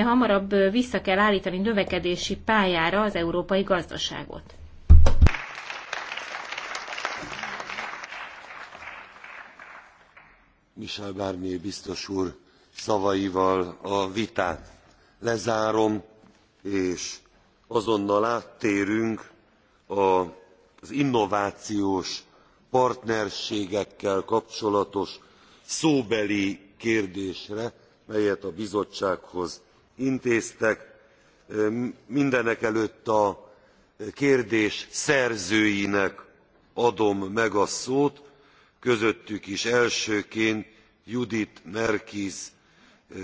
hamarabb vissza kell állítani növekedési pályára az európai gazdaságot. Michel Barnier biztos úr szavaival a vitát lezárom, és azonnal áttérünk az innovációs partnerségekkel kapcsolatos szóbeli kérdésre, melyet a bizottsághoz intéztek mindenekelőtt a kérdés szerzőinek adom meg a szót közöttük is elsőként judit merkies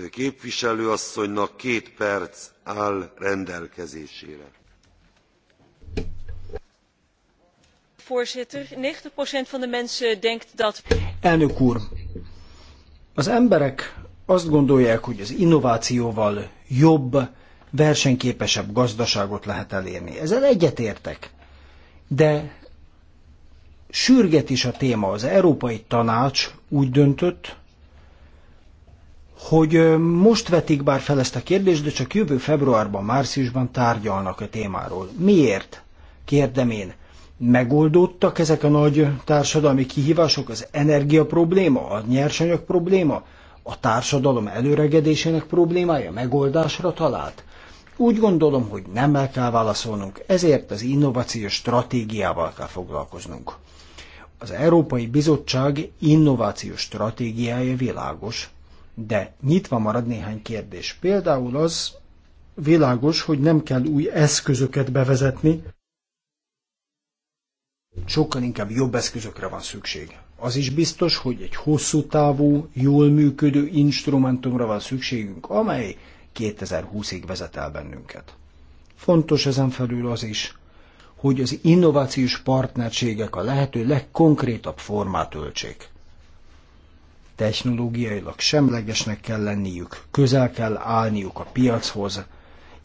képviselő asszonynak két perc áll rendelkezésére. elnök úr! az emberek azt gondolják hogy az innovációval jobb, versenyképesebb gazdaságot lehet elérni. Ezzel egyetértek. De sürget is a téma. Az Európai Tanács úgy döntött, hogy most vetik bár fel ezt a kérdést, de csak jövő februárban, márciusban tárgyalnak a témáról. Miért? Kérdem én. Megoldódtak ezek a nagy társadalmi kihívások? Az energia probléma, a nyersanyag probléma? a társadalom előregedésének problémája megoldásra talált? Úgy gondolom, hogy nem el kell válaszolnunk, ezért az innovációs stratégiával kell foglalkoznunk. Az Európai Bizottság innovációs stratégiája világos, de nyitva marad néhány kérdés. Például az világos, hogy nem kell új eszközöket bevezetni, sokkal inkább jobb eszközökre van szükség. Az is biztos, hogy egy hosszú távú, jól működő instrumentumra van szükségünk, amely 2020-ig vezet el bennünket. Fontos ezen felül az is, hogy az innovációs partnerségek a lehető legkonkrétabb formát öltsék. Technológiailag semlegesnek kell lenniük, közel kell állniuk a piachoz,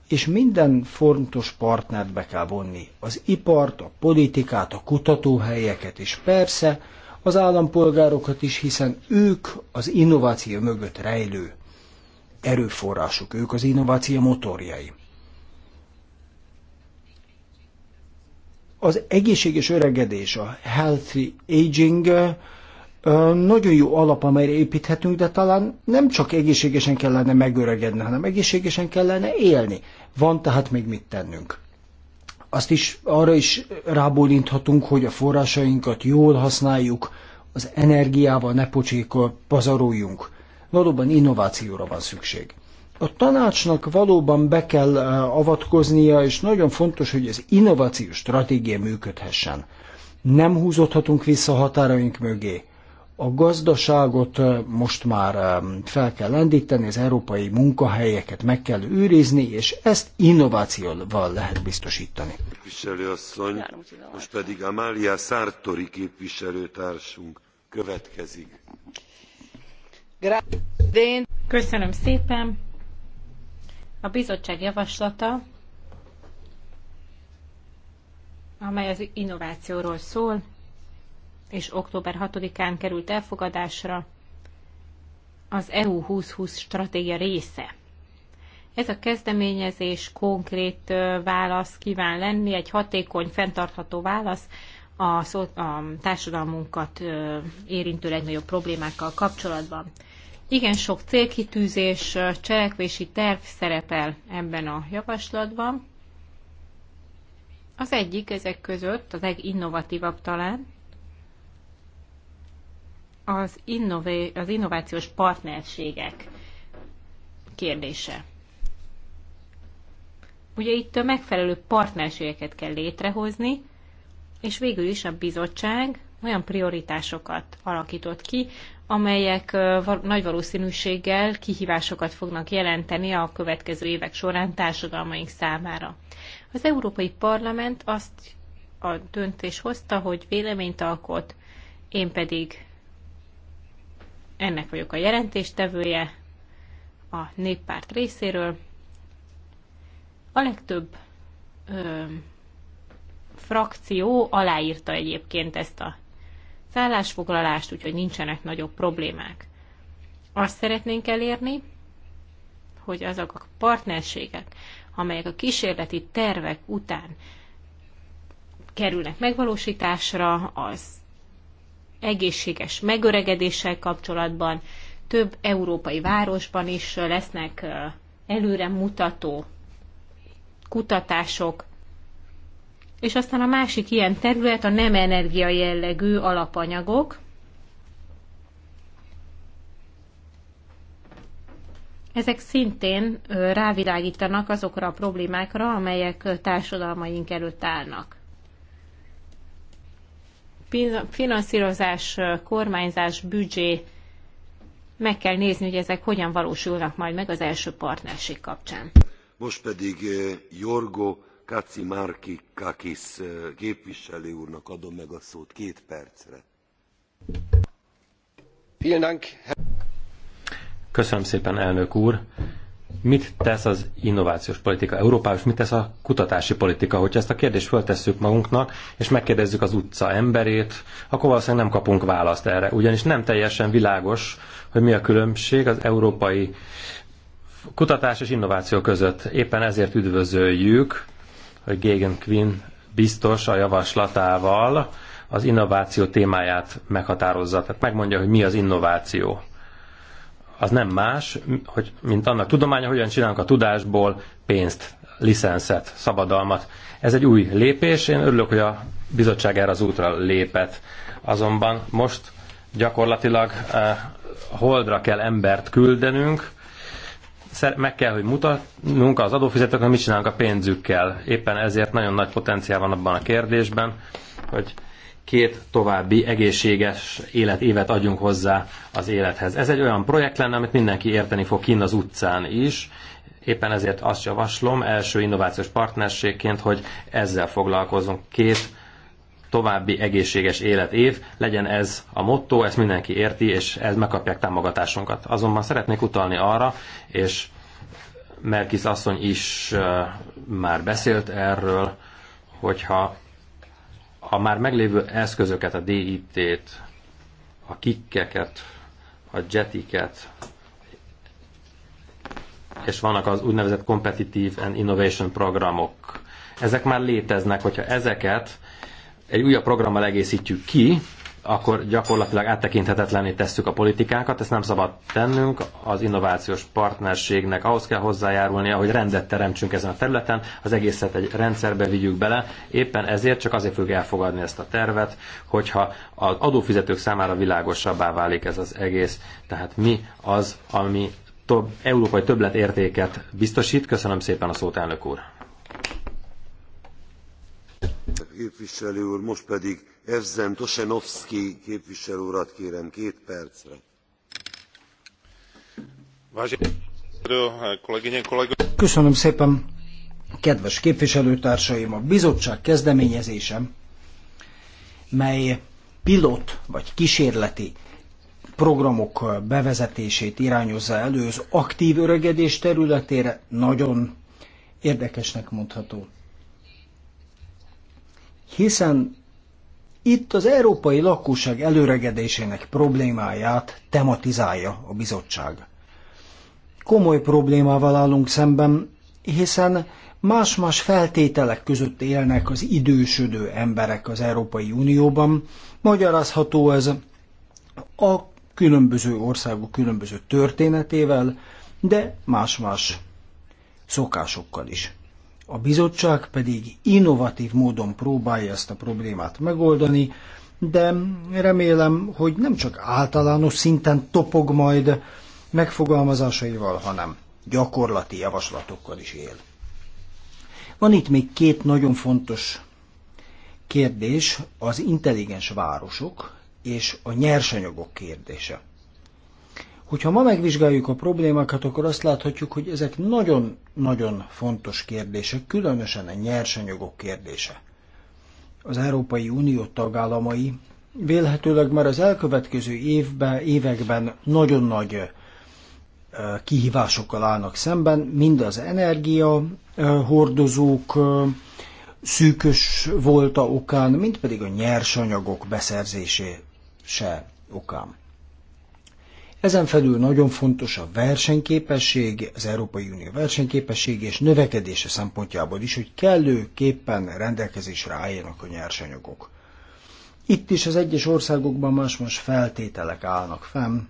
és minden fontos partnert be kell vonni. Az ipart, a politikát, a kutatóhelyeket, és persze az állampolgárokat is, hiszen ők az innováció mögött rejlő erőforrásuk, ők az innováció motorjai. Az egészséges öregedés, a healthy aging nagyon jó alap, amelyre építhetünk, de talán nem csak egészségesen kellene megöregedni, hanem egészségesen kellene élni. Van tehát még mit tennünk. Azt is arra is rábólinthatunk, hogy a forrásainkat jól használjuk, az energiával ne pocsékkal pazaroljunk. Valóban innovációra van szükség. A tanácsnak valóban be kell avatkoznia, és nagyon fontos, hogy az innovációs stratégia működhessen. Nem húzódhatunk vissza határaink mögé a gazdaságot most már fel kell lendíteni, az európai munkahelyeket meg kell őrizni, és ezt innovációval lehet biztosítani. Képviselőasszony, most pedig Amália Szártori képviselőtársunk következik. Köszönöm szépen. A bizottság javaslata, amely az innovációról szól, és október 6-án került elfogadásra az EU 2020 stratégia része. Ez a kezdeményezés konkrét válasz kíván lenni, egy hatékony, fenntartható válasz a, szó, a társadalmunkat érintő legnagyobb problémákkal kapcsolatban. Igen, sok célkitűzés, cselekvési terv szerepel ebben a javaslatban. Az egyik ezek között, a leginnovatívabb talán, az, innové, az innovációs partnerségek kérdése. Ugye itt a megfelelő partnerségeket kell létrehozni, és végül is a bizottság olyan prioritásokat alakított ki, amelyek nagy valószínűséggel kihívásokat fognak jelenteni a következő évek során társadalmaink számára. Az Európai Parlament azt a döntés hozta, hogy véleményt alkot, én pedig ennek vagyok a jelentéstevője a néppárt részéről. A legtöbb ö, frakció aláírta egyébként ezt a szállásfoglalást, úgyhogy nincsenek nagyobb problémák. Azt szeretnénk elérni, hogy azok a partnerségek, amelyek a kísérleti tervek után kerülnek megvalósításra, az egészséges megöregedéssel kapcsolatban, több európai városban is lesznek előre mutató kutatások, és aztán a másik ilyen terület a nem energia jellegű alapanyagok. Ezek szintén rávilágítanak azokra a problémákra, amelyek társadalmaink előtt állnak finanszírozás, kormányzás, büdzsé, meg kell nézni, hogy ezek hogyan valósulnak majd meg az első partnerség kapcsán. Most pedig Jorgo Kacimárki Kakis képviselő úrnak adom meg a szót két percre. Köszönöm szépen, elnök úr! mit tesz az innovációs politika Európában, és mit tesz a kutatási politika. Hogyha ezt a kérdést föltesszük magunknak, és megkérdezzük az utca emberét, akkor valószínűleg nem kapunk választ erre. Ugyanis nem teljesen világos, hogy mi a különbség az európai kutatás és innováció között. Éppen ezért üdvözöljük, hogy Gégen Quinn biztos a javaslatával az innováció témáját meghatározza. Tehát megmondja, hogy mi az innováció az nem más, hogy, mint annak tudománya, hogyan csinálunk a tudásból pénzt, licenszet, szabadalmat. Ez egy új lépés, én örülök, hogy a bizottság erre az útra lépett. Azonban most gyakorlatilag eh, holdra kell embert küldenünk, meg kell, hogy mutatnunk az adófizetőknek, mit csinálunk a pénzükkel. Éppen ezért nagyon nagy potenciál van abban a kérdésben, hogy két további egészséges életévet adjunk hozzá az élethez. Ez egy olyan projekt lenne, amit mindenki érteni fog kinn az utcán is, Éppen ezért azt javaslom első innovációs partnerségként, hogy ezzel foglalkozunk két további egészséges életév, legyen ez a motto, ezt mindenki érti, és ez megkapják támogatásunkat. Azonban szeretnék utalni arra, és Merkis asszony is már beszélt erről, hogyha a már meglévő eszközöket, a DIT-t, a kikkeket, a jetiket, és vannak az úgynevezett Competitive and Innovation programok. Ezek már léteznek, hogyha ezeket egy újabb programmal egészítjük ki, akkor gyakorlatilag áttekinthetetlenné tesszük a politikánkat, ezt nem szabad tennünk, az innovációs partnerségnek ahhoz kell hozzájárulnia, hogy rendet teremtsünk ezen a területen, az egészet egy rendszerbe vigyük bele, éppen ezért csak azért fogjuk elfogadni ezt a tervet, hogyha az adófizetők számára világosabbá válik ez az egész, tehát mi az, ami több, európai többletértéket biztosít. Köszönöm szépen a szót, elnök úr! Képviselő úr, most pedig Evzen Tosenovszki képviselő urat kérem két percre. Köszönöm szépen, kedves képviselőtársaim, a bizottság kezdeményezése, mely pilot vagy kísérleti programok bevezetését irányozza elő az aktív öregedés területére, nagyon érdekesnek mondható. Hiszen itt az európai lakosság előregedésének problémáját tematizálja a bizottság. Komoly problémával állunk szemben, hiszen más-más feltételek között élnek az idősödő emberek az Európai Unióban. Magyarázható ez a különböző országok különböző történetével, de más-más szokásokkal is. A bizottság pedig innovatív módon próbálja ezt a problémát megoldani, de remélem, hogy nem csak általános szinten topog majd megfogalmazásaival, hanem gyakorlati javaslatokkal is él. Van itt még két nagyon fontos kérdés, az intelligens városok és a nyersanyagok kérdése. Hogyha ma megvizsgáljuk a problémákat, akkor azt láthatjuk, hogy ezek nagyon-nagyon fontos kérdések, különösen a nyersanyagok kérdése. Az Európai Unió tagállamai vélhetőleg már az elkövetkező évben, években nagyon nagy kihívásokkal állnak szemben, mind az energia hordozók szűkös volta okán, mind pedig a nyersanyagok beszerzése se okán. Ezen felül nagyon fontos a versenyképesség, az Európai Unió versenyképesség és növekedése szempontjából is, hogy kellőképpen rendelkezésre álljanak a nyersanyagok. Itt is az egyes országokban más-más feltételek állnak fenn.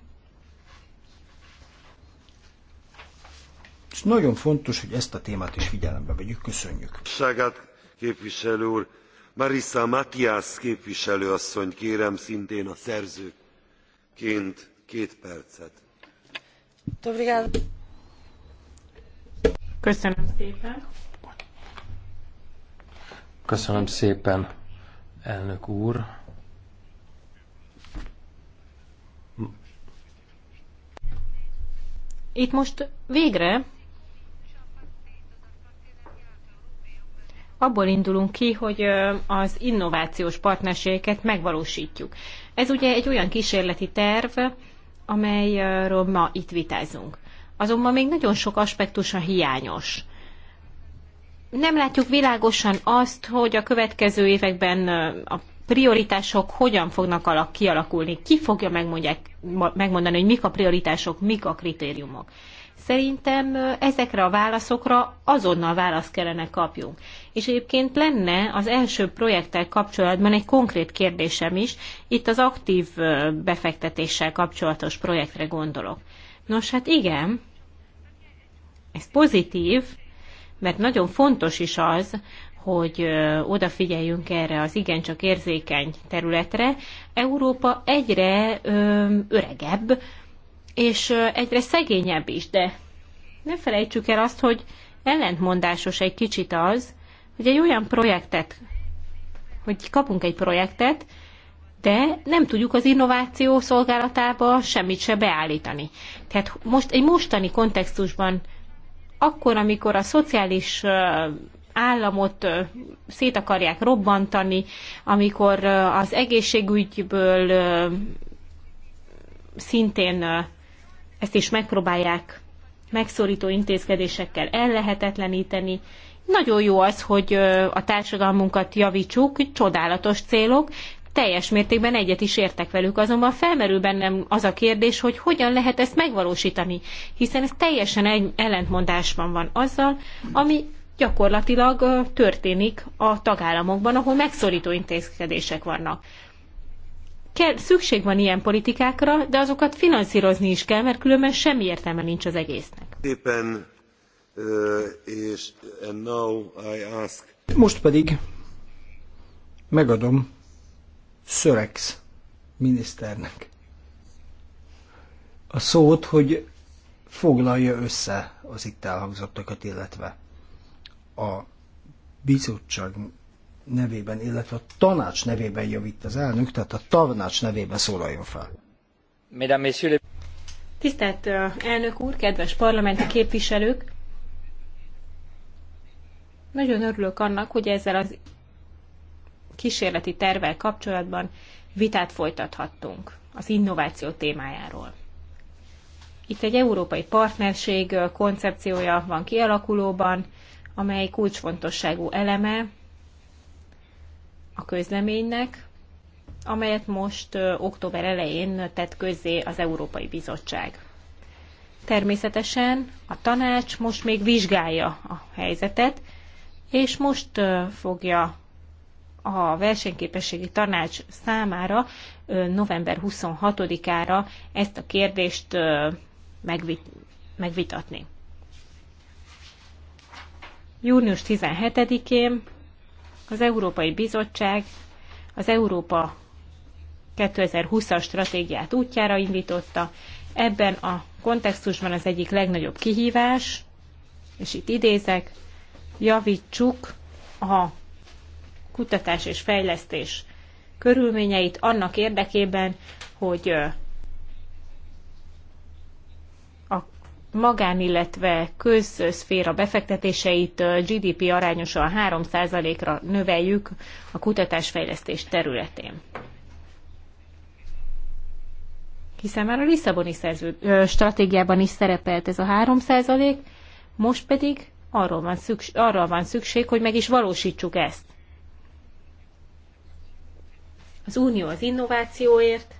És nagyon fontos, hogy ezt a témát is figyelembe vegyük. Köszönjük. Ságát képviselő úr, Marissa Matias képviselőasszony kérem szintén a szerzőként Köszönöm szépen. elnök úr. Itt most végre abból indulunk ki, hogy az innovációs partnerségeket megvalósítjuk. Ez ugye egy olyan kísérleti terv, amelyről ma itt vitázunk. Azonban még nagyon sok aspektusa hiányos. Nem látjuk világosan azt, hogy a következő években a prioritások hogyan fognak alak, kialakulni, ki fogja megmondani, hogy mik a prioritások, mik a kritériumok. Szerintem ezekre a válaszokra azonnal választ kellene kapjunk. És egyébként lenne az első projekttel kapcsolatban egy konkrét kérdésem is, itt az aktív befektetéssel kapcsolatos projektre gondolok. Nos, hát igen, ez pozitív, mert nagyon fontos is az, hogy odafigyeljünk erre az igencsak érzékeny területre. Európa egyre öregebb, és egyre szegényebb is, de ne felejtsük el azt, hogy ellentmondásos egy kicsit az, hogy egy olyan projektet, hogy kapunk egy projektet, de nem tudjuk az innováció szolgálatába semmit se beállítani. Tehát most egy mostani kontextusban, akkor, amikor a szociális államot szét akarják robbantani, amikor az egészségügyből szintén ezt is megpróbálják megszorító intézkedésekkel ellehetetleníteni. Nagyon jó az, hogy a társadalmunkat javítsuk, csodálatos célok, teljes mértékben egyet is értek velük, azonban felmerül bennem az a kérdés, hogy hogyan lehet ezt megvalósítani, hiszen ez teljesen egy ellentmondásban van azzal, ami gyakorlatilag történik a tagállamokban, ahol megszorító intézkedések vannak kell, szükség van ilyen politikákra, de azokat finanszírozni is kell, mert különben semmi értelme nincs az egésznek. Éppen, és, Most pedig megadom Szörex miniszternek a szót, hogy foglalja össze az itt elhangzottakat, illetve a bizottság nevében, illetve a tanács nevében javít az elnök, tehát a tanács nevében szólaljon fel. Tisztelt elnök úr, kedves parlamenti képviselők! Nagyon örülök annak, hogy ezzel az kísérleti tervel kapcsolatban vitát folytathattunk az innováció témájáról. Itt egy európai partnerség koncepciója van kialakulóban, amely kulcsfontosságú eleme a közleménynek, amelyet most október elején tett közzé az Európai Bizottság. Természetesen a tanács most még vizsgálja a helyzetet, és most fogja a versenyképességi tanács számára november 26-ára ezt a kérdést megvit- megvitatni. Június 17-én az Európai Bizottság az Európa 2020-as stratégiát útjára indította. Ebben a kontextusban az egyik legnagyobb kihívás, és itt idézek, javítsuk a kutatás és fejlesztés körülményeit annak érdekében, hogy magán, illetve közszféra befektetéseit GDP arányosan 3%-ra növeljük a kutatásfejlesztés területén. Hiszen már a Lisszaboni szerző, ö, stratégiában is szerepelt ez a 3%, most pedig arról van szükség, arra van szükség, hogy meg is valósítsuk ezt. Az Unió az innovációért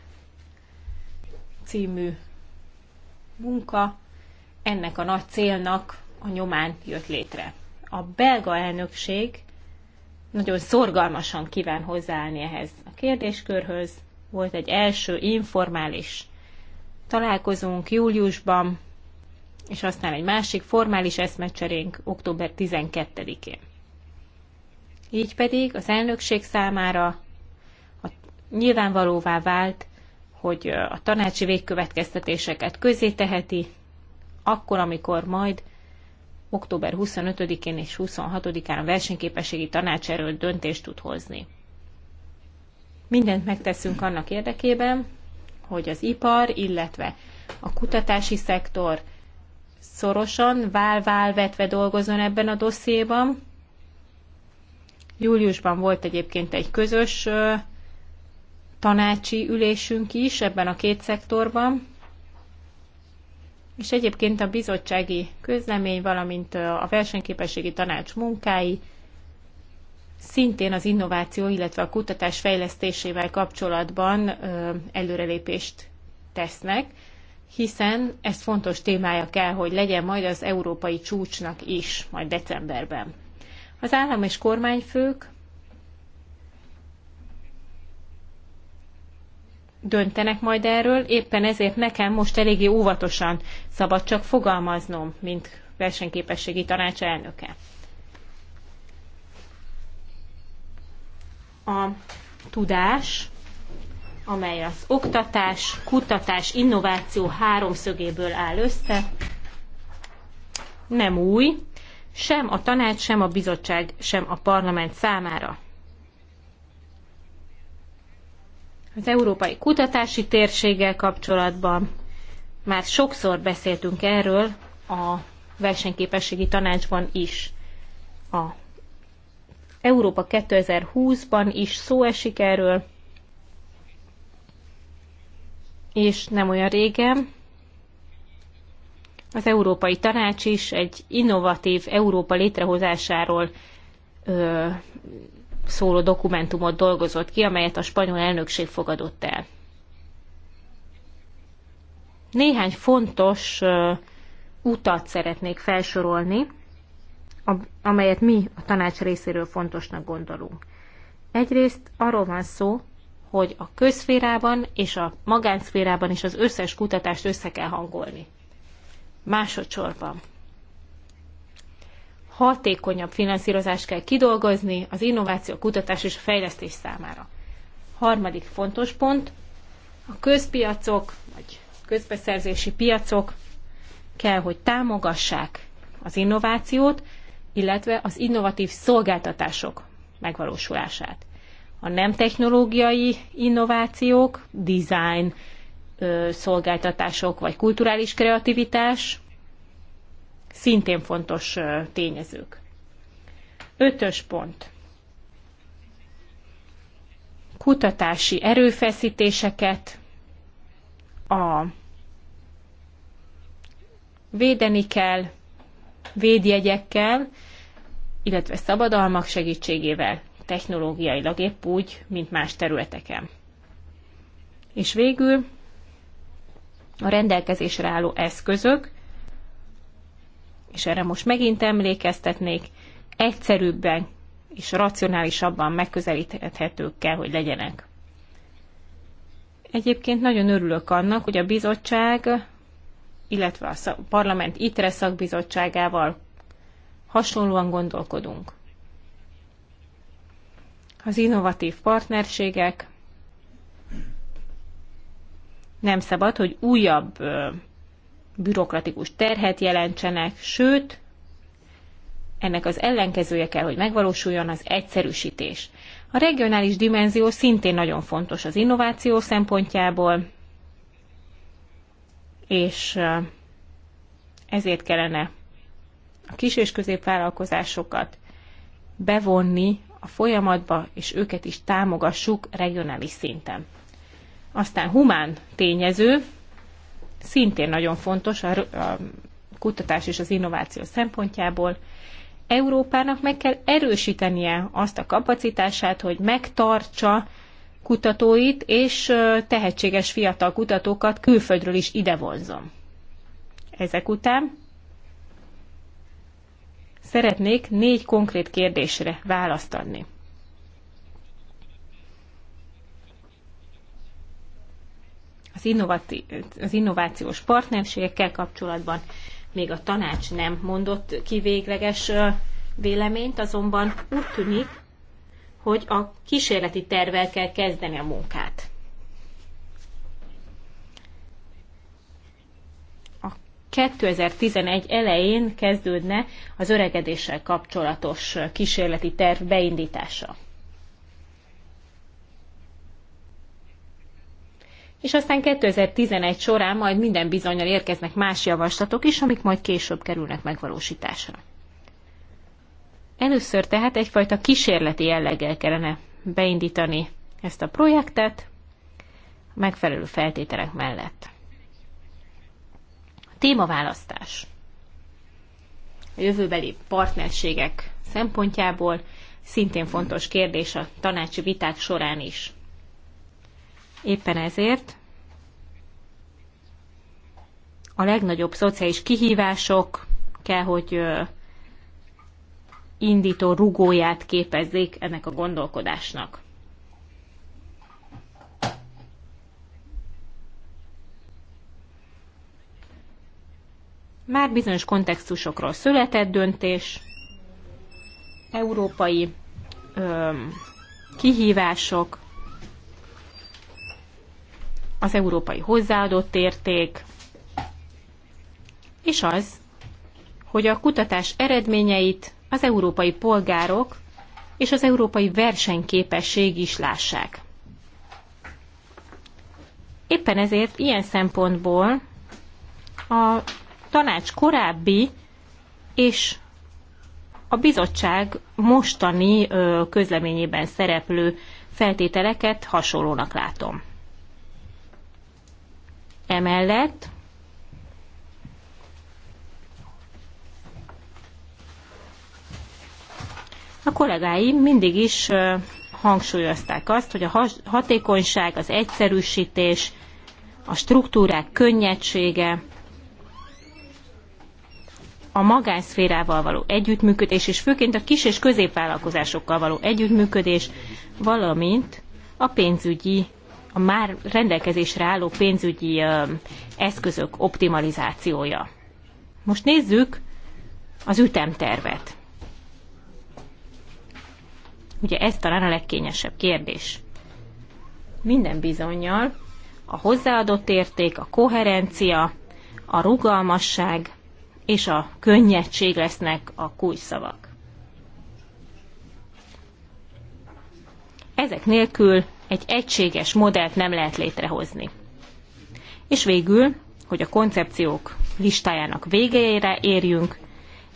című munka ennek a nagy célnak a nyomán jött létre. A belga elnökség nagyon szorgalmasan kíván hozzáállni ehhez a kérdéskörhöz. Volt egy első informális találkozunk júliusban, és aztán egy másik formális eszmecserénk október 12-én. Így pedig az elnökség számára a, nyilvánvalóvá vált, hogy a tanácsi végkövetkeztetéseket közé teheti, akkor, amikor majd október 25-én és 26-án a versenyképességi tanács erről döntést tud hozni. Mindent megteszünk annak érdekében, hogy az ipar, illetve a kutatási szektor szorosan, válvál vetve dolgozon ebben a dossziéban. Júliusban volt egyébként egy közös tanácsi ülésünk is ebben a két szektorban, és egyébként a bizottsági közlemény, valamint a versenyképességi tanács munkái szintén az innováció, illetve a kutatás fejlesztésével kapcsolatban előrelépést tesznek, hiszen ez fontos témája kell, hogy legyen majd az európai csúcsnak is, majd decemberben. Az állam és kormányfők döntenek majd erről, éppen ezért nekem most eléggé óvatosan szabad csak fogalmaznom, mint versenyképességi tanács elnöke. A tudás, amely az oktatás, kutatás, innováció háromszögéből áll össze, nem új, sem a tanács, sem a bizottság, sem a parlament számára. Az európai kutatási térséggel kapcsolatban már sokszor beszéltünk erről a versenyképességi tanácsban is. A Európa 2020-ban is szó esik erről, és nem olyan régen az Európai Tanács is egy innovatív Európa létrehozásáról ö, szóló dokumentumot dolgozott ki, amelyet a spanyol elnökség fogadott el. Néhány fontos utat szeretnék felsorolni, amelyet mi a tanács részéről fontosnak gondolunk. Egyrészt arról van szó, hogy a közszférában és a magánszférában is az összes kutatást össze kell hangolni. Másodszorban hatékonyabb finanszírozást kell kidolgozni az innováció, kutatás és a fejlesztés számára. Harmadik fontos pont, a közpiacok, vagy közbeszerzési piacok kell, hogy támogassák az innovációt, illetve az innovatív szolgáltatások megvalósulását. A nem technológiai innovációk, design, szolgáltatások vagy kulturális kreativitás szintén fontos tényezők. Ötös pont. Kutatási erőfeszítéseket a védeni kell védjegyekkel, illetve szabadalmak segítségével, technológiailag épp úgy, mint más területeken. És végül a rendelkezésre álló eszközök és erre most megint emlékeztetnék, egyszerűbben és racionálisabban megközelíthetők kell, hogy legyenek. Egyébként nagyon örülök annak, hogy a bizottság, illetve a parlament ITRE szakbizottságával hasonlóan gondolkodunk. Az innovatív partnerségek nem szabad, hogy újabb bürokratikus terhet jelentsenek, sőt, ennek az ellenkezője kell, hogy megvalósuljon az egyszerűsítés. A regionális dimenzió szintén nagyon fontos az innováció szempontjából, és ezért kellene a kis- és középvállalkozásokat bevonni a folyamatba, és őket is támogassuk regionális szinten. Aztán humán tényező, szintén nagyon fontos a, a kutatás és az innováció szempontjából. Európának meg kell erősítenie azt a kapacitását, hogy megtartsa kutatóit és tehetséges fiatal kutatókat külföldről is ide vonzom. Ezek után szeretnék négy konkrét kérdésre választ adni. az, innovatív, az innovációs partnerségekkel kapcsolatban még a tanács nem mondott ki végleges véleményt, azonban úgy tűnik, hogy a kísérleti tervel kell kezdeni a munkát. A 2011 elején kezdődne az öregedéssel kapcsolatos kísérleti terv beindítása. és aztán 2011 során majd minden bizonyal érkeznek más javaslatok is, amik majd később kerülnek megvalósításra. Először tehát egyfajta kísérleti jelleggel kellene beindítani ezt a projektet, megfelelő feltételek mellett. Témaválasztás. A jövőbeli partnerségek szempontjából szintén fontos kérdés a tanácsi viták során is. Éppen ezért a legnagyobb szociális kihívások kell, hogy indító rugóját képezzék ennek a gondolkodásnak. Már bizonyos kontextusokról született döntés, európai öm, kihívások, az európai hozzáadott érték, és az, hogy a kutatás eredményeit az európai polgárok és az európai versenyképesség is lássák. Éppen ezért ilyen szempontból a tanács korábbi és a bizottság mostani közleményében szereplő feltételeket hasonlónak látom. Emellett a kollégáim mindig is hangsúlyozták azt, hogy a hatékonyság, az egyszerűsítés, a struktúrák könnyedsége, a magánszférával való együttműködés, és főként a kis és középvállalkozásokkal való együttműködés, valamint a pénzügyi a már rendelkezésre álló pénzügyi eszközök optimalizációja. Most nézzük az ütemtervet. Ugye ez talán a legkényesebb kérdés. Minden bizonyal a hozzáadott érték, a koherencia, a rugalmasság és a könnyedség lesznek a kulcsszavak. Ezek nélkül egy egységes modellt nem lehet létrehozni. És végül, hogy a koncepciók listájának végére érjünk,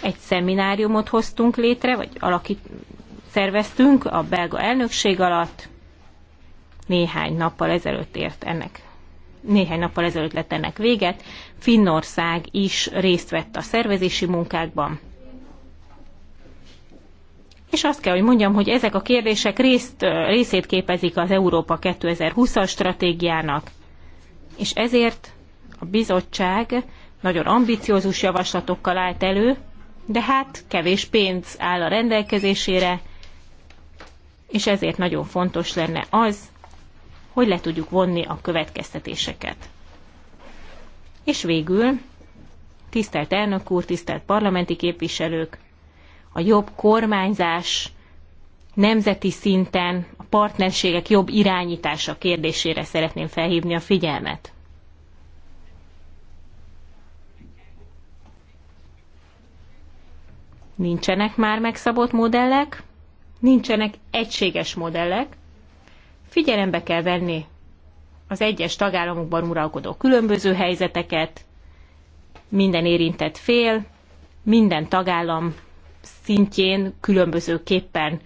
egy szemináriumot hoztunk létre, vagy alakít, szerveztünk a belga elnökség alatt, néhány nappal ezelőtt ért ennek néhány nappal ezelőtt lett ennek véget, Finnország is részt vett a szervezési munkákban, és azt kell, hogy mondjam, hogy ezek a kérdések részt, részét képezik az Európa 2020-as stratégiának, és ezért a bizottság nagyon ambiciózus javaslatokkal állt elő, de hát kevés pénz áll a rendelkezésére, és ezért nagyon fontos lenne az, hogy le tudjuk vonni a következtetéseket. És végül, tisztelt elnök úr, tisztelt parlamenti képviselők, a jobb kormányzás nemzeti szinten, a partnerségek jobb irányítása kérdésére szeretném felhívni a figyelmet. Nincsenek már megszabott modellek, nincsenek egységes modellek. Figyelembe kell venni az egyes tagállamokban uralkodó különböző helyzeteket, minden érintett fél, minden tagállam szintjén különbözőképpen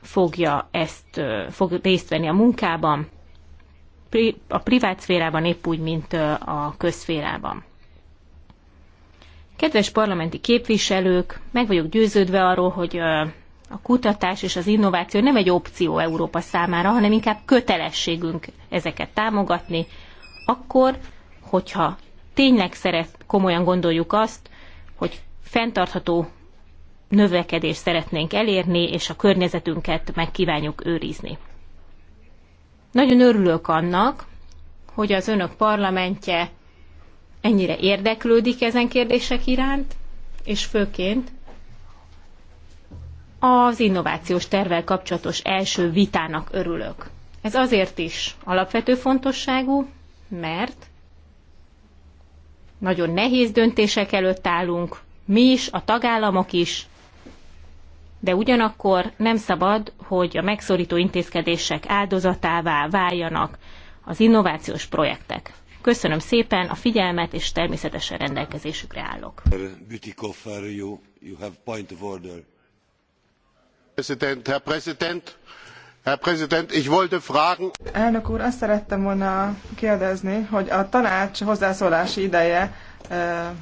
fogja ezt, fog részt venni a munkában, a privát szférában épp úgy, mint a közszférában. Kedves parlamenti képviselők, meg vagyok győződve arról, hogy a kutatás és az innováció nem egy opció Európa számára, hanem inkább kötelességünk ezeket támogatni, akkor, hogyha tényleg szeret, komolyan gondoljuk azt, hogy fenntartható növekedést szeretnénk elérni, és a környezetünket meg kívánjuk őrizni. Nagyon örülök annak, hogy az önök parlamentje ennyire érdeklődik ezen kérdések iránt, és főként az innovációs tervel kapcsolatos első vitának örülök. Ez azért is alapvető fontosságú, mert nagyon nehéz döntések előtt állunk, mi is, a tagállamok is, de ugyanakkor nem szabad, hogy a megszorító intézkedések áldozatává váljanak az innovációs projektek. Köszönöm szépen a figyelmet, és természetesen rendelkezésükre állok. Elnök úr, azt szerettem volna kérdezni, hogy a tanács hozzászólási ideje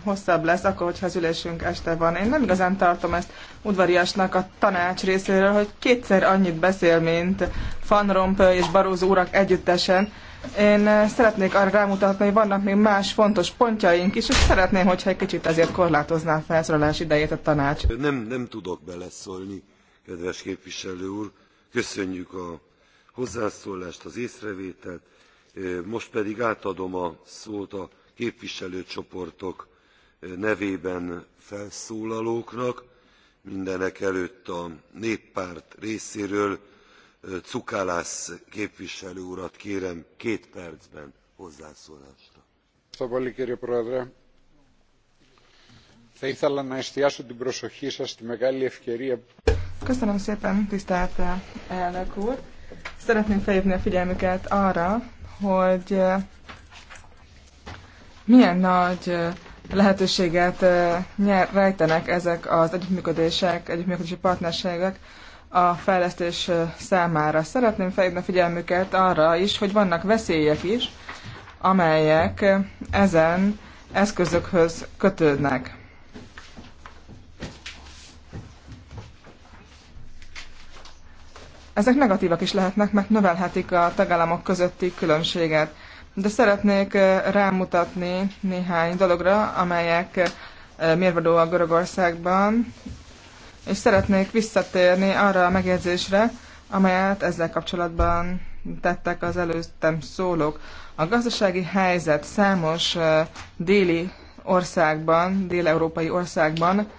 hosszabb lesz, akkor, hogyha az ülésünk este van. Én nem igazán tartom ezt udvariasnak a tanács részéről, hogy kétszer annyit beszél, mint Van és Barózó urak együttesen. Én szeretnék arra rámutatni, hogy vannak még más fontos pontjaink is, és szeretném, hogyha egy kicsit azért korlátozná a felszólalás idejét a tanács. Nem, nem tudok beleszólni, kedves képviselő úr. Köszönjük a hozzászólást, az észrevételt. Most pedig átadom a szót a képviselőcsoportok nevében felszólalóknak mindenekelőtt a néppárt részéről cukalász képviselő urat kérem két percben hozzászólásra. Köszönöm szépen, tisztelt eh, elnök úr! Szeretném felhívni a figyelmüket arra, hogy eh, milyen nagy lehetőséget nyer, rejtenek ezek az együttműködések, együttműködési partnerségek a fejlesztés számára. Szeretném felhívni a figyelmüket arra is, hogy vannak veszélyek is, amelyek ezen eszközökhöz kötődnek. Ezek negatívak is lehetnek, mert növelhetik a tagállamok közötti különbséget de szeretnék rámutatni néhány dologra, amelyek a Görögországban, és szeretnék visszatérni arra a megjegyzésre, amelyet ezzel kapcsolatban tettek az előttem szólók. A gazdasági helyzet számos déli országban, déleurópai országban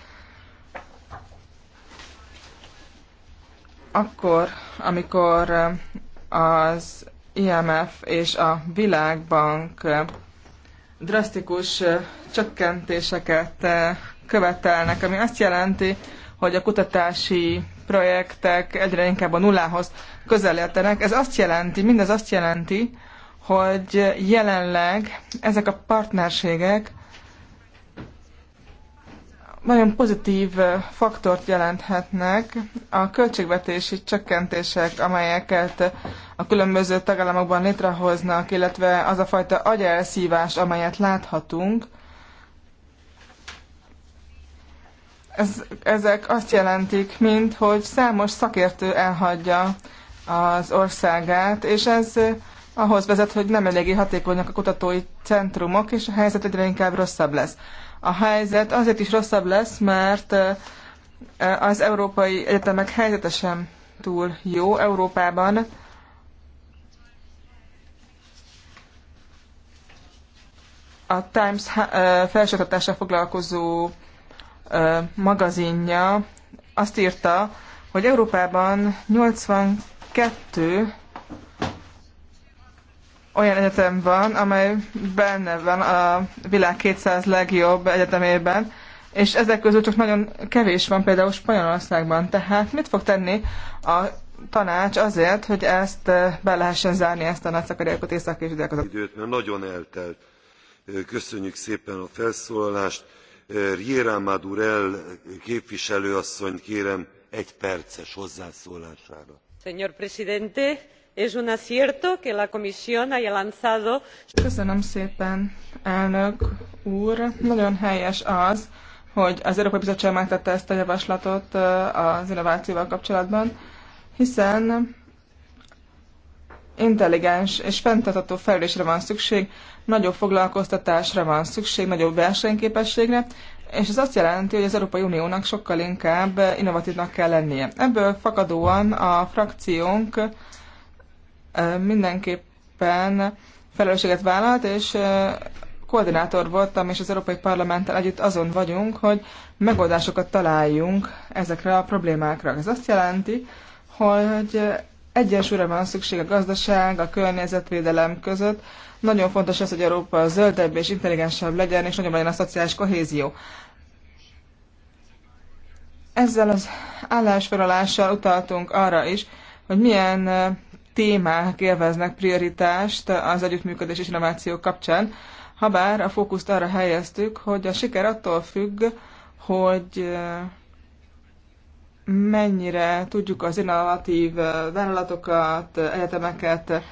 akkor, amikor az IMF és a Világbank drasztikus csökkentéseket követelnek, ami azt jelenti, hogy a kutatási projektek egyre inkább a nullához közeledtenek. Ez azt jelenti, mindez azt jelenti, hogy jelenleg ezek a partnerségek nagyon pozitív faktort jelenthetnek a költségvetési csökkentések, amelyeket a különböző tagállamokban létrehoznak, illetve az a fajta agyelszívás, amelyet láthatunk. Ez, ezek azt jelentik, mint hogy számos szakértő elhagyja az országát, és ez ahhoz vezet, hogy nem eléggé hatékonyak a kutatói centrumok, és a helyzet egyre inkább rosszabb lesz a helyzet azért is rosszabb lesz, mert az európai egyetemek helyzete sem túl jó Európában. A Times felsőoktatásra foglalkozó magazinja azt írta, hogy Európában 82 olyan egyetem van, amely benne van a világ 200 legjobb egyetemében, és ezek közül csak nagyon kevés van például Spanyolországban. Tehát mit fog tenni a tanács azért, hogy ezt eh, be lehessen zárni, ezt a nagy szakadékot észak és időt, mert nagyon eltelt. Eh, köszönjük szépen a felszólalást. Eh, Riera Madurell képviselőasszonyt kérem egy perces hozzászólására. Señor presidente, es un acierto que la comisión haya lanzado. Köszönöm szépen, elnök úr. Nagyon helyes az, hogy az Európai Bizottság megtette ezt a javaslatot az innovációval kapcsolatban, hiszen intelligens és fenntartható fejlődésre van szükség, nagyobb foglalkoztatásra van szükség, nagyobb versenyképességre, és ez azt jelenti, hogy az Európai Uniónak sokkal inkább innovatívnak kell lennie. Ebből fakadóan a frakciónk mindenképpen felelősséget vállalt, és koordinátor voltam, és az Európai Parlamenttel együtt azon vagyunk, hogy megoldásokat találjunk ezekre a problémákra. Ez azt jelenti, hogy egyensúlyra van szükség a gazdaság, a környezetvédelem között. Nagyon fontos az, hogy Európa zöldebb és intelligensebb legyen, és nagyon legyen a szociális kohézió. Ezzel az állásfoglalással utaltunk arra is, hogy milyen témák élveznek prioritást az együttműködés és innováció kapcsán, habár a fókuszt arra helyeztük, hogy a siker attól függ, hogy eh, mennyire tudjuk az innovatív eh, vállalatokat, egyetemeket,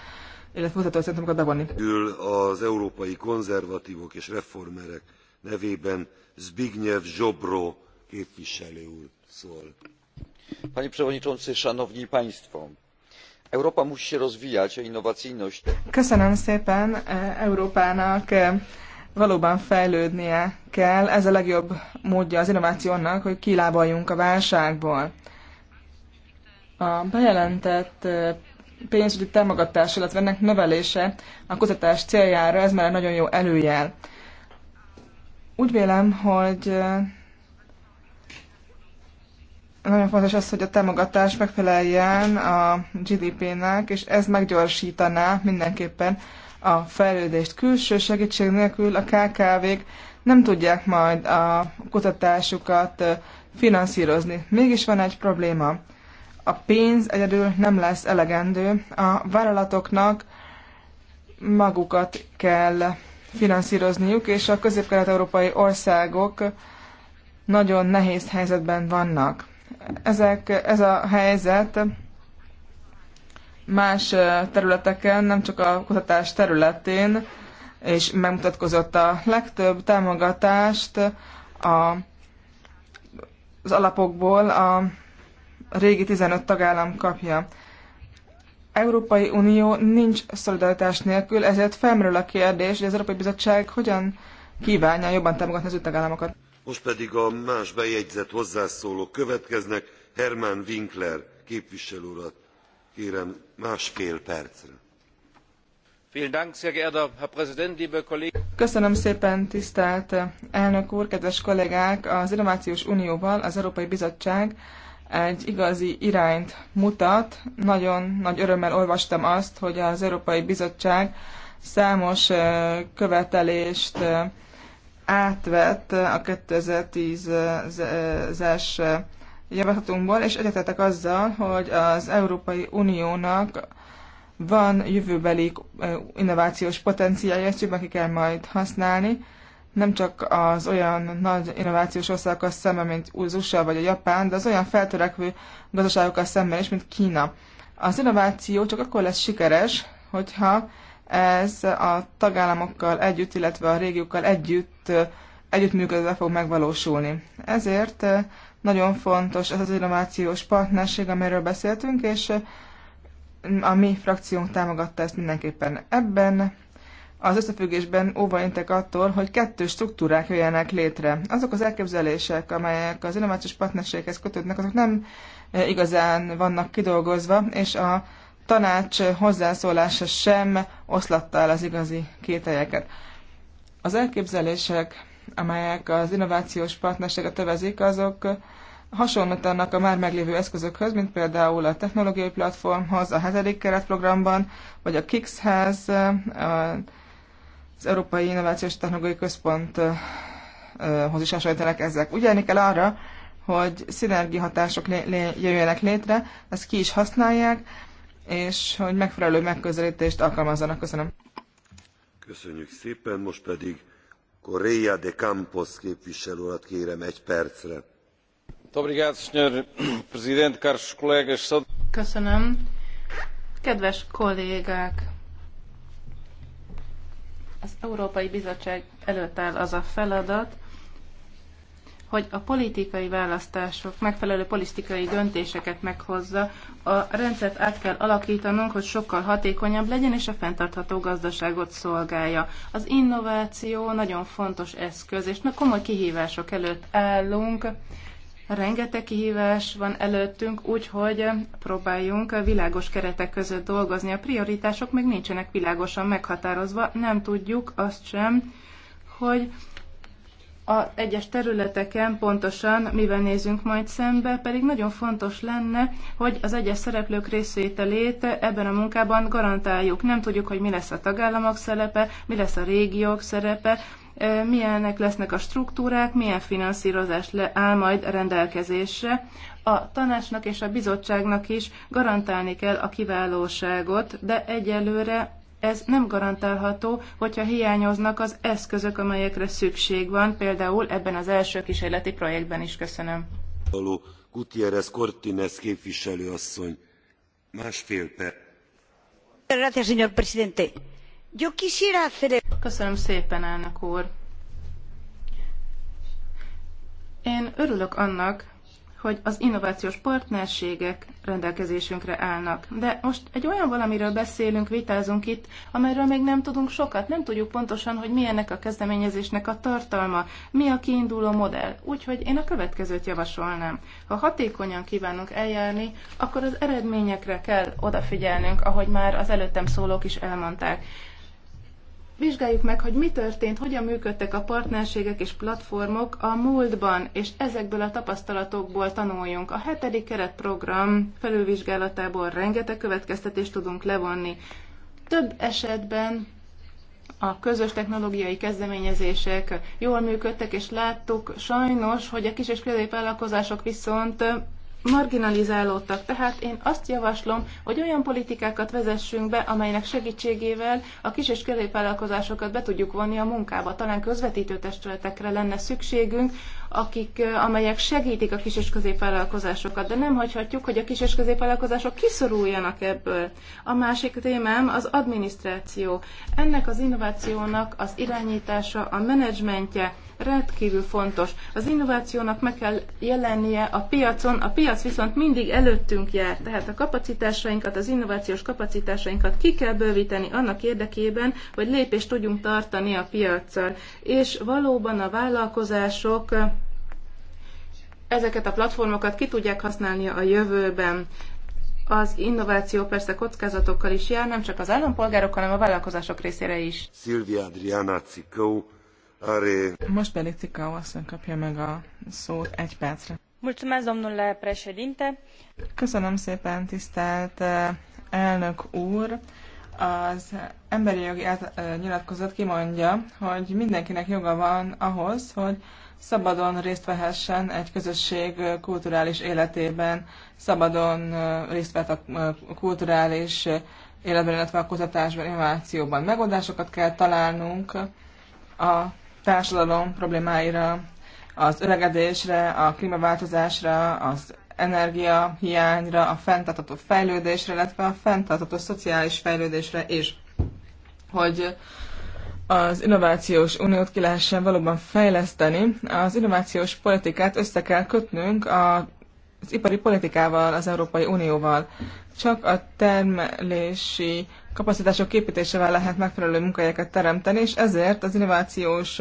illetve kutatócentrumokat bevonni. Ül az európai konzervatívok és reformerek nevében Zbigniew Zsobro képviselő úr szól. Panie Przewodniczący, Szanowni Państwo! Európa musi się rozwijać, a innowacyjność... Köszönöm szépen e, Európának e, valóban fejlődnie kell. Ez a legjobb módja az innovációnak, hogy kilábaljunk a válságból. A bejelentett e, pénzügyi támogatás, illetve ennek növelése a kutatás céljára, ez már egy nagyon jó előjel. Úgy vélem, hogy nagyon fontos az, hogy a támogatás megfeleljen a GDP-nek, és ez meggyorsítaná mindenképpen a fejlődést. Külső segítség nélkül a KKV-k nem tudják majd a kutatásukat finanszírozni. Mégis van egy probléma. A pénz egyedül nem lesz elegendő. A vállalatoknak magukat kell finanszírozniuk, és a közép-kelet-európai országok nagyon nehéz helyzetben vannak ezek, ez a helyzet más területeken, nem csak a kutatás területén, és megmutatkozott a legtöbb támogatást a, az alapokból a régi 15 tagállam kapja. Európai Unió nincs szolidaritás nélkül, ezért felmerül a kérdés, hogy az Európai Bizottság hogyan kívánja jobban támogatni az új tagállamokat most pedig a más bejegyzett hozzászólók következnek herman winkler képviselő urat kérem másfél percre. Köszönöm szépen, tisztelt elnök úr, kedves kollégák! Az Innovációs Unióval az Európai Bizottság egy igazi irányt mutat. Nagyon nagy örömmel olvastam azt, hogy az Európai Bizottság számos követelést átvett a 2010-es javaslatunkból, és egyetetek azzal, hogy az Európai Uniónak van jövőbeli innovációs potenciálja, ezt jövőben ki kell majd használni, nem csak az olyan nagy innovációs országokkal szemben, mint az USA vagy a Japán, de az olyan feltörekvő gazdaságokkal szemben is, mint Kína. Az innováció csak akkor lesz sikeres, hogyha ez a tagállamokkal együtt, illetve a régiókkal együtt együttműködve fog megvalósulni. Ezért eh, nagyon fontos ez az innovációs partnerség, amiről beszéltünk, és eh, a mi frakciónk támogatta ezt mindenképpen. Ebben az összefüggésben intek attól, hogy kettő struktúrák jöjjenek létre. Azok az elképzelések, amelyek az innovációs partnerséghez kötődnek, azok nem eh, igazán vannak kidolgozva, és a tanács hozzászólása sem oszlatta el az igazi kételyeket. Az elképzelések, amelyek az innovációs partnerséget övezik, azok hasonlót annak a már meglévő eszközökhöz, mint például a technológiai platformhoz, a hetedik keretprogramban, vagy a KIX-hez, az Európai Innovációs Technológiai Központhoz is hasonlítanak ezek. Ugyanik kell arra, hogy szinergiahatások lé- lé- jöjjenek létre, ezt ki is használják, és hogy megfelelő megközelítést alkalmazzanak. Köszönöm. Köszönjük szépen, most pedig Correa de Campos képviselő alatt kérem egy percre. Köszönöm. Kedves kollégák! Az Európai Bizottság előtt áll az a feladat, hogy a politikai választások, megfelelő politikai döntéseket meghozza, a rendszert át kell alakítanunk, hogy sokkal hatékonyabb legyen, és a fenntartható gazdaságot szolgálja. Az innováció nagyon fontos eszköz, és na, komoly kihívások előtt állunk. Rengeteg kihívás van előttünk, úgyhogy próbáljunk világos keretek között dolgozni. A prioritások még nincsenek világosan meghatározva, nem tudjuk azt sem, hogy a egyes területeken pontosan mivel nézünk majd szembe, pedig nagyon fontos lenne, hogy az egyes szereplők részvételét ebben a munkában garantáljuk. Nem tudjuk, hogy mi lesz a tagállamok szerepe, mi lesz a régiók szerepe, milyenek lesznek a struktúrák, milyen finanszírozás áll majd rendelkezésre. A tanácsnak és a bizottságnak is garantálni kell a kiválóságot, de egyelőre ez nem garantálható, hogyha hiányoznak az eszközök, amelyekre szükség van, például ebben az első kísérleti projektben is. Köszönöm. Való Gutierrez Cortines képviselőasszony, másfél perc. Köszönöm szépen, elnök úr. Én örülök annak, hogy az innovációs partnerségek rendelkezésünkre állnak. De most egy olyan valamiről beszélünk, vitázunk itt, amelyről még nem tudunk sokat, nem tudjuk pontosan, hogy milyennek a kezdeményezésnek a tartalma, mi a kiinduló modell. Úgyhogy én a következőt javasolnám. Ha hatékonyan kívánunk eljárni, akkor az eredményekre kell odafigyelnünk, ahogy már az előttem szólók is elmondták vizsgáljuk meg, hogy mi történt, hogyan működtek a partnerségek és platformok a múltban, és ezekből a tapasztalatokból tanuljunk. A hetedik keretprogram felülvizsgálatából rengeteg következtetést tudunk levonni. Több esetben a közös technológiai kezdeményezések jól működtek, és láttuk sajnos, hogy a kis és középvállalkozások viszont marginalizálódtak. Tehát én azt javaslom, hogy olyan politikákat vezessünk be, amelynek segítségével a kis és középvállalkozásokat be tudjuk vonni a munkába. Talán közvetítő testületekre lenne szükségünk, akik, amelyek segítik a kis és középvállalkozásokat, de nem hagyhatjuk, hogy a kis és középvállalkozások kiszoruljanak ebből. A másik témám az adminisztráció. Ennek az innovációnak az irányítása, a menedzsmentje rendkívül fontos. Az innovációnak meg kell jelennie a piacon, a piac viszont mindig előttünk jár, tehát a kapacitásainkat, az innovációs kapacitásainkat ki kell bővíteni annak érdekében, hogy lépést tudjunk tartani a piaccal. És valóban a vállalkozások ezeket a platformokat ki tudják használni a jövőben. Az innováció persze kockázatokkal is jár, nem csak az állampolgárok, hanem a vállalkozások részére is. Silvia Adriana Cikó, are... Most pedig Cikó asszony kapja meg a szót egy percre. Mulțumesc, domnule președinte. Köszönöm szépen, tisztelt eh, elnök úr. Az emberi jogi eh, nyilatkozat kimondja, hogy mindenkinek joga van ahhoz, hogy szabadon részt vehessen egy közösség kulturális életében, szabadon részt vett a kulturális életben, illetve a kutatásban, innovációban. Megoldásokat kell találnunk a társadalom problémáira, az öregedésre, a klímaváltozásra, az energiahiányra, a fenntartató fejlődésre, illetve a fenntartató szociális fejlődésre is. Hogy az innovációs uniót ki lehessen valóban fejleszteni, az innovációs politikát össze kell kötnünk a, az ipari politikával, az Európai Unióval. Csak a termelési kapacitások építésével lehet megfelelő munkahelyeket teremteni, és ezért az innovációs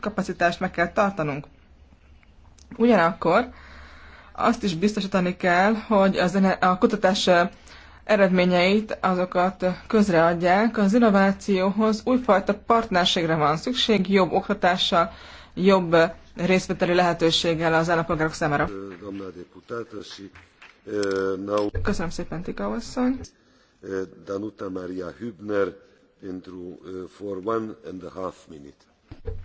kapacitást meg kell tartanunk. Ugyanakkor azt is biztosítani kell, hogy az, a kutatás eredményeit, azokat közreadják. Az innovációhoz újfajta partnerségre van szükség, jobb oktatással, jobb részvételi lehetőséggel az állapolgárok számára. Köszönöm szépen, Tika Osszony. Danuta Maria Hübner, intro uh, for one and a half minute.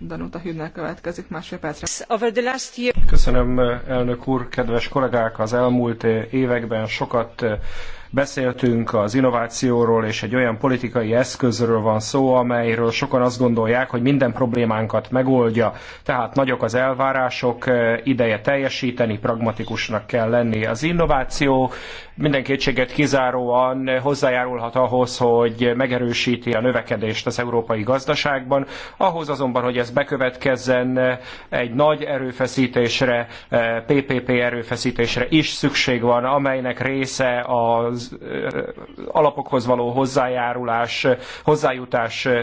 Danuta Hübner következik másfél percre. Köszönöm, uh, elnök úr, kedves kollégák! Az elmúlt uh, években sokat Beszéltünk az innovációról, és egy olyan politikai eszközről van szó, amelyről sokan azt gondolják, hogy minden problémánkat megoldja. Tehát nagyok az elvárások, eh, ideje teljesíteni, pragmatikusnak kell lenni. Az innováció minden kétséget kizáróan hozzájárulhat ahhoz, hogy megerősíti a növekedést az európai gazdaságban. Ahhoz azonban, hogy ez bekövetkezzen, eh, egy nagy erőfeszítésre, PPP eh, erőfeszítésre is szükség van, amelynek része az Eh, alapokhoz való hozzájárulás, hozzájutás, eh,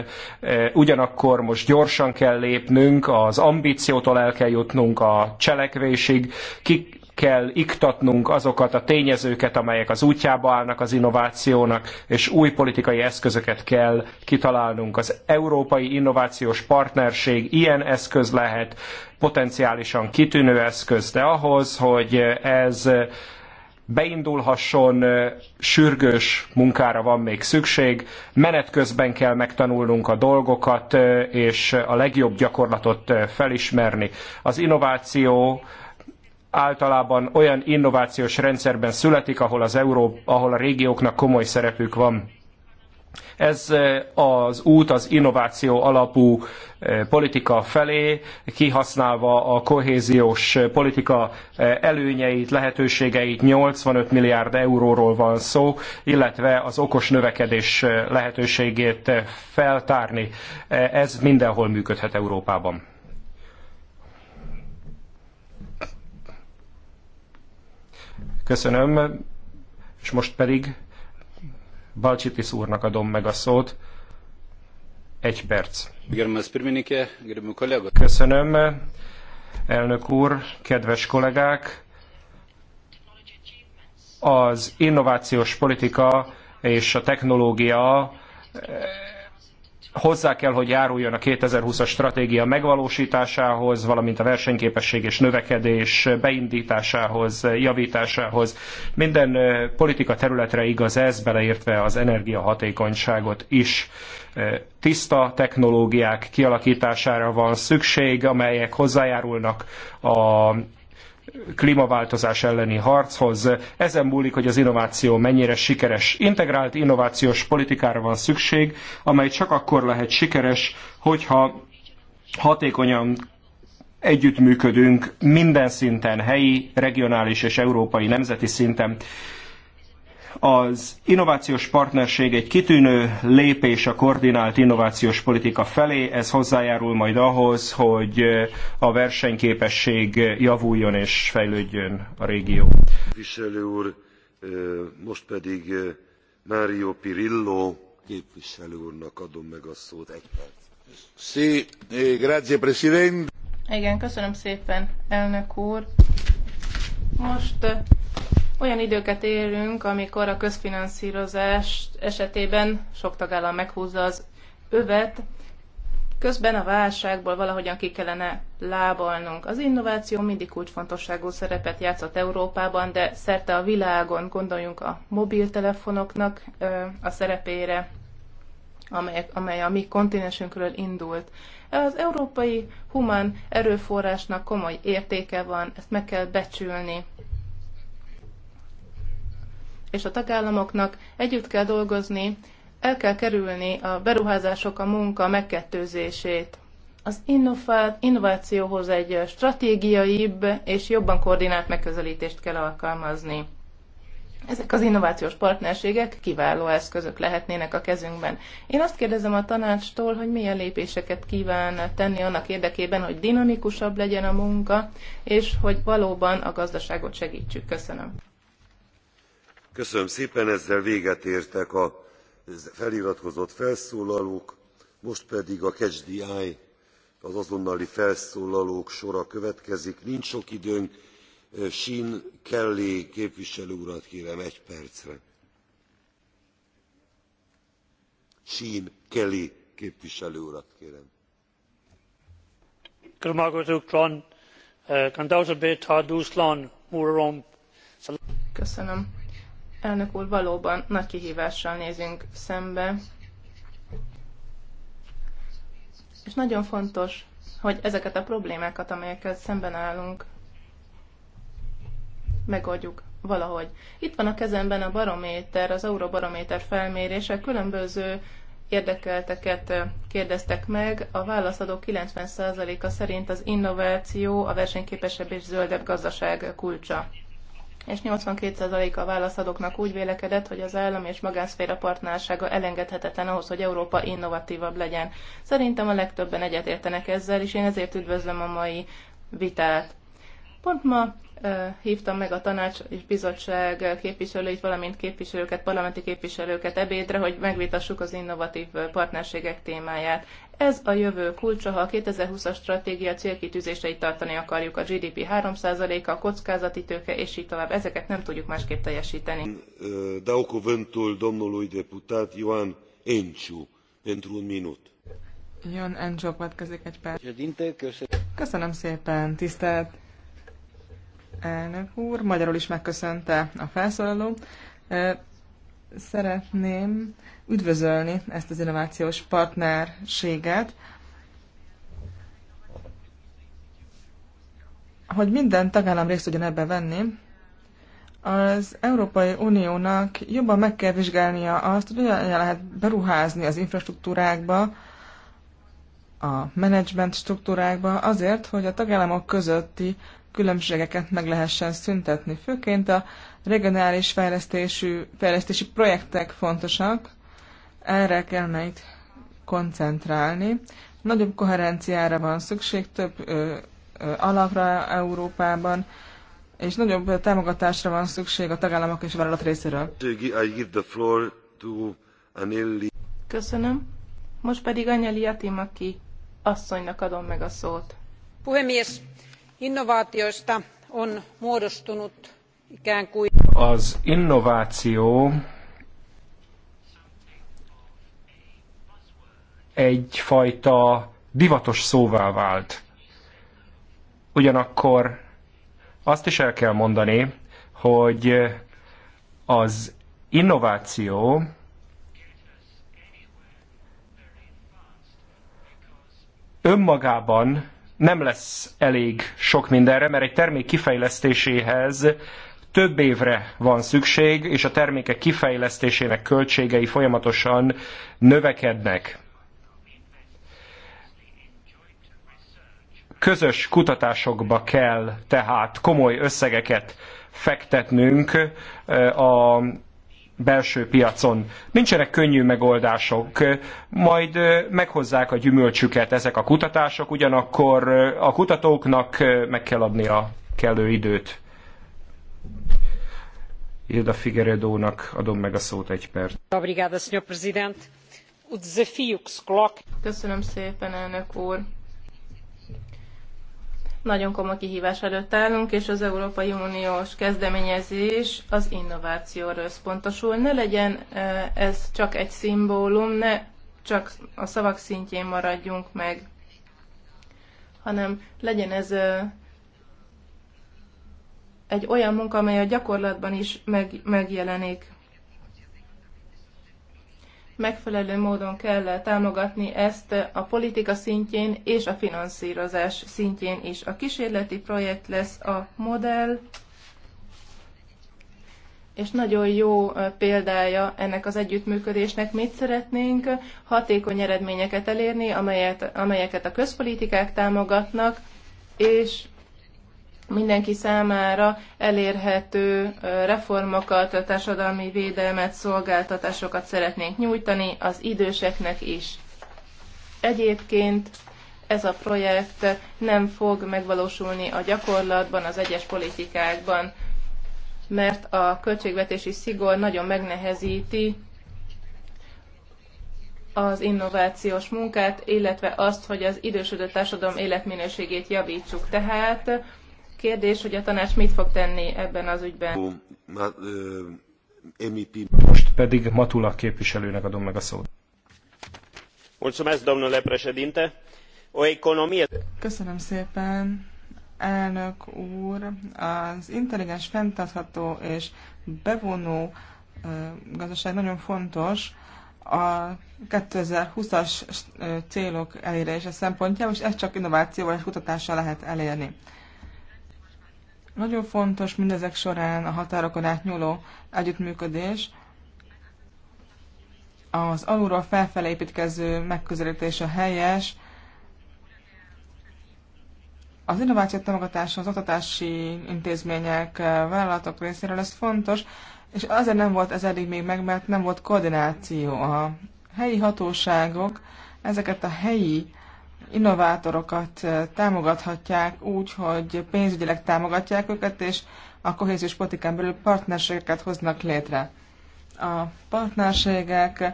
ugyanakkor most gyorsan kell lépnünk, az ambíciótól el kell jutnunk a cselekvésig, ki, kell iktatnunk azokat a tényezőket, amelyek az útjába állnak az innovációnak, és új politikai eszközöket kell kitalálnunk. Az Európai Innovációs Partnerség ilyen eszköz lehet, potenciálisan kitűnő eszköz, de ahhoz, hogy ez beindulhasson, sürgős munkára van még szükség, menet közben kell megtanulnunk a dolgokat, és a legjobb gyakorlatot felismerni. Az innováció általában olyan innovációs rendszerben születik, ahol, az Euró, ahol a régióknak komoly szerepük van. Ez eh, az út az innováció alapú eh, politika felé, kihasználva a kohéziós politika eh, előnyeit, lehetőségeit, 85 milliárd euróról van szó, illetve az okos növekedés lehetőségét feltárni. Ez mindenhol működhet Európában. Köszönöm, és most pedig Balcsitis úrnak adom meg a szót. Egy perc. Köszönöm, elnök úr, kedves kollégák. Az innovációs politika és a technológia hozzá kell, hogy járuljon a 2020-as stratégia megvalósításához, valamint a versenyképesség és növekedés beindításához, javításához. Minden politika területre igaz ez, beleértve az energiahatékonyságot is. Tiszta technológiák kialakítására van szükség, amelyek hozzájárulnak a klímaváltozás elleni harchoz. Ezen múlik, hogy az innováció mennyire sikeres. Integrált innovációs politikára van szükség, amely csak akkor lehet sikeres, hogyha hatékonyan együttműködünk minden szinten, helyi, regionális és európai nemzeti szinten. Az innovációs partnerség egy kitűnő lépés a koordinált innovációs politika felé, ez hozzájárul majd ahhoz, hogy a versenyképesség javuljon és fejlődjön a régió. Viselő úr, most pedig Mário Pirillo képviselő úrnak adom meg a szót egy sí, eh, grazie, president. Igen, köszönöm szépen, elnök úr. Most olyan időket élünk, amikor a közfinanszírozás esetében sok tagállam meghúzza az övet, közben a válságból valahogyan ki kellene lábalnunk. Az innováció mindig kulcsfontosságú szerepet játszott Európában, de szerte a világon gondoljunk a mobiltelefonoknak a szerepére, amely, amely a mi kontinensünkről indult. Az európai humán erőforrásnak komoly értéke van, ezt meg kell becsülni és a tagállamoknak együtt kell dolgozni, el kell kerülni a beruházások, a munka megkettőzését. Az innovációhoz egy stratégiaibb és jobban koordinált megközelítést kell alkalmazni. Ezek az innovációs partnerségek kiváló eszközök lehetnének a kezünkben. Én azt kérdezem a tanácstól, hogy milyen lépéseket kíván tenni annak érdekében, hogy dinamikusabb legyen a munka, és hogy valóban a gazdaságot segítsük. Köszönöm ezzel véget értek a feliratkozott felszólalók, most pedig a Catch the Eye, az azonnali felszólalók sora következik. Nincs sok időnk, sinn Kelly képviselő urat kérem egy percre. sinn Kelly képviselő urat kérem. Köszönöm. Elnök úr, valóban nagy kihívással nézünk szembe, és nagyon fontos, hogy ezeket a problémákat, amelyekkel szemben állunk, megoldjuk valahogy. Itt van a kezemben a barométer, az euróbarométer felmérése, különböző érdekelteket kérdeztek meg. A válaszadók 90%-a szerint az innováció a versenyképesebb és zöldebb gazdaság kulcsa és 82% a válaszadóknak úgy vélekedett, hogy az állam és magánszféra partnersága elengedhetetlen ahhoz, hogy Európa innovatívabb legyen. Szerintem a legtöbben egyetértenek ezzel, és én ezért üdvözlöm a mai vitát. Pont ma hívtam meg a tanács és bizottság képviselőit, valamint képviselőket, parlamenti képviselőket ebédre, hogy megvitassuk az innovatív partnerségek témáját. Ez a jövő kulcsa, ha a 2020-as stratégia célkitűzéseit tartani akarjuk, a GDP 3%-a, a kockázati tőke, és így tovább. Ezeket nem tudjuk másképp teljesíteni. Dau cuvântul domnului deputat Ioan Enciu pentru un minut. Ioan Enciu, következik egy perc. Köszönöm szépen, tisztelt elnök úr. Magyarul is megköszönte a felszólaló szeretném üdvözölni ezt az innovációs partnerséget, hogy minden tagállam részt tudjon ebbe venni, az Európai Uniónak jobban meg kell vizsgálnia azt, hogy hogyan lehet beruházni az infrastruktúrákba, a menedzsment struktúrákba, azért, hogy a tagállamok közötti különbségeket meg lehessen szüntetni, főként a regionális fejlesztésű, fejlesztési projektek fontosak, erre kellene itt koncentrálni. Nagyobb koherenciára van szükség, több ö, ö, alapra Európában, és nagyobb támogatásra van szükség a tagállamok és a vállalat részéről. Köszönöm. Most pedig Anyeli Atimaki asszonynak adom meg a szót. Puhemies, innovációista, on muodostunut ikään kuin... Az innováció egyfajta divatos szóvá vált. Ugyanakkor azt is el kell mondani, hogy az innováció önmagában nem lesz elég sok mindenre, mert egy termék kifejlesztéséhez több évre van szükség, és a termékek kifejlesztésének költségei folyamatosan növekednek. Közös kutatásokba kell tehát komoly összegeket fektetnünk eh, a belső piacon. Nincsenek könnyű megoldások, majd eh, meghozzák a gyümölcsüket ezek a kutatások, ugyanakkor eh, a kutatóknak meg kell adni a kellő időt. Ilda Figueredónak adom meg a szót egy perc. Köszönöm szépen, elnök úr. Nagyon komoly kihívás előtt állunk, és az Európai Uniós kezdeményezés az innovációra összpontosul. Ne legyen e, ez csak egy szimbólum, ne csak a szavak szintjén maradjunk meg, hanem legyen ez e, egy olyan munka, amely a gyakorlatban is meg, megjelenik. Megfelelő módon kell támogatni ezt a politika szintjén és a finanszírozás szintjén is. A kísérleti projekt lesz a modell, és nagyon jó példája ennek az együttműködésnek. Mit szeretnénk? Hatékony eredményeket elérni, amelyet, amelyeket a közpolitikák támogatnak, és mindenki számára elérhető reformokat, társadalmi védelmet, szolgáltatásokat szeretnénk nyújtani az időseknek is. Egyébként ez a projekt nem fog megvalósulni a gyakorlatban, az egyes politikákban, mert a költségvetési szigor nagyon megnehezíti az innovációs munkát, illetve azt, hogy az idősödő társadalom életminőségét javítsuk. Tehát Kérdés, hogy a tanács mit fog tenni ebben az ügyben. E Most pedig Matula képviselőnek adom meg a szót. Köszönöm szépen, elnök úr. Az intelligens, fenntartható és bevonó gazdaság nagyon fontos a 2020-as célok elérése szempontjából, és ezt csak innovációval és kutatással lehet elérni. Nagyon fontos mindezek során a határokon átnyúló együttműködés, az alulról felfele építkező megközelítés a helyes, az innováció támogatása az oktatási intézmények, vállalatok részéről, ez fontos, és azért nem volt ez eddig még meg, mert nem volt koordináció. A helyi hatóságok ezeket a helyi innovátorokat támogathatják úgy, hogy pénzügyileg támogatják őket, és a kohéziós politikán belül partnerségeket hoznak létre. A partnerségek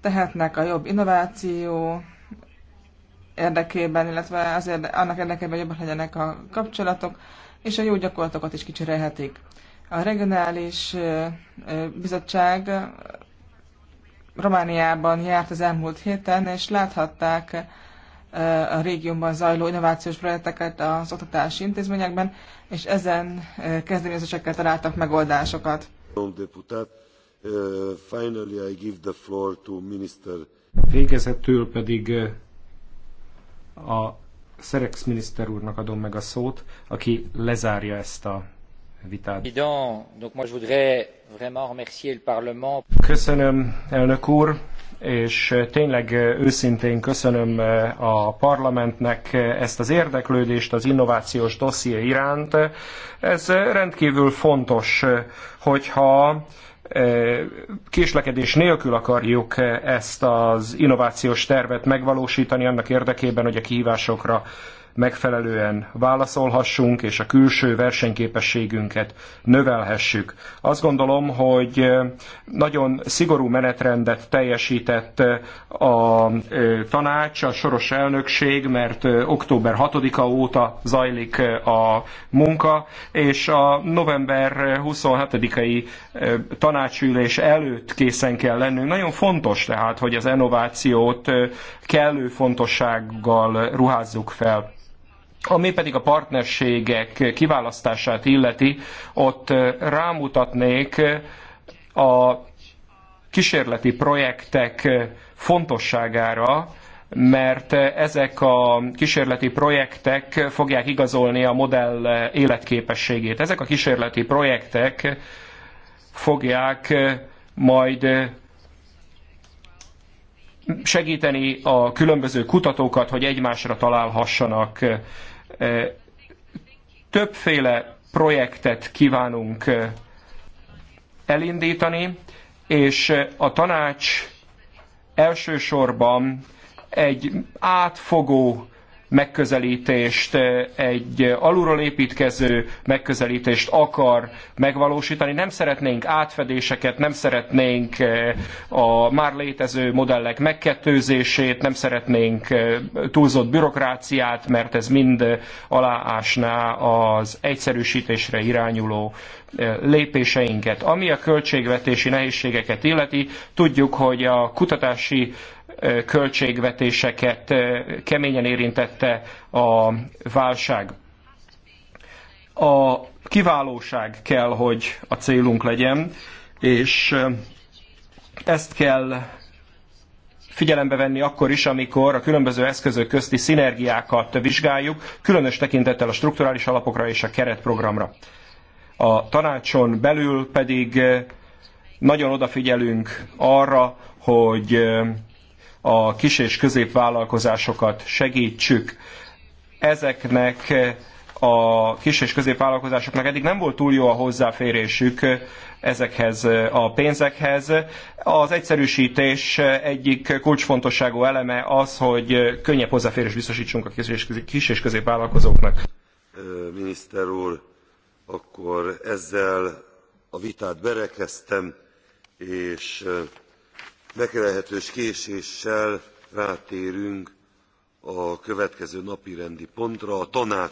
tehetnek a jobb innováció érdekében, illetve az érde, annak érdekében, hogy jobbak legyenek a kapcsolatok, és a jó gyakorlatokat is kicserélhetik. A regionális bizottság Romániában járt az elmúlt héten, és láthatták Eh, a régióban zajló innovációs projekteket az oktatási intézményekben, és ezen eh, kezdeményezésekkel találtak megoldásokat. Eh, Végezetül pedig a Szerex miniszter úrnak adom meg a szót, aki lezárja ezt a vitát. Köszönöm, elnök úr! és tényleg őszintén köszönöm a parlamentnek ezt az érdeklődést az innovációs dosszié iránt. Ez rendkívül fontos, hogyha késlekedés nélkül akarjuk ezt az innovációs tervet megvalósítani annak érdekében, hogy a kihívásokra megfelelően válaszolhassunk, és a külső versenyképességünket növelhessük. Azt gondolom, hogy nagyon szigorú menetrendet teljesített a tanács, a soros elnökség, mert október 6-a óta zajlik a munka, és a november 27-i tanácsülés előtt készen kell lennünk. Nagyon fontos tehát, hogy az innovációt kellő fontossággal ruházzuk fel. Ami pedig a partnerségek kiválasztását illeti, ott rámutatnék a kísérleti projektek fontosságára, mert ezek a kísérleti projektek fogják igazolni a modell életképességét. Ezek a kísérleti projektek fogják majd segíteni a különböző kutatókat, hogy egymásra találhassanak. Többféle projektet kívánunk elindítani, és a tanács elsősorban egy átfogó megközelítést, eh, egy alulról építkező megközelítést akar megvalósítani. Nem szeretnénk átfedéseket, nem szeretnénk eh, a már létező modellek megkettőzését, nem szeretnénk eh, túlzott bürokráciát, mert ez mind aláásná az egyszerűsítésre irányuló lépéseinket. Ami a költségvetési nehézségeket illeti, tudjuk, hogy a kutatási költségvetéseket keményen érintette a válság. A kiválóság kell, hogy a célunk legyen, és ezt kell figyelembe venni akkor is, amikor a különböző eszközök közti szinergiákat vizsgáljuk, különös tekintettel a strukturális alapokra és a keretprogramra. A tanácson belül pedig nagyon odafigyelünk arra, hogy a kis- és középvállalkozásokat segítsük. Ezeknek a kis- és középvállalkozásoknak eddig nem volt túl jó a hozzáférésük ezekhez a pénzekhez. Az egyszerűsítés egyik kulcsfontosságú eleme az, hogy könnyebb hozzáférés biztosítsunk a kis- és középvállalkozóknak. Miniszter úr, akkor ezzel a vitát berekeztem, és meglehetős késéssel rátérünk a következő napirendi pontra a tanács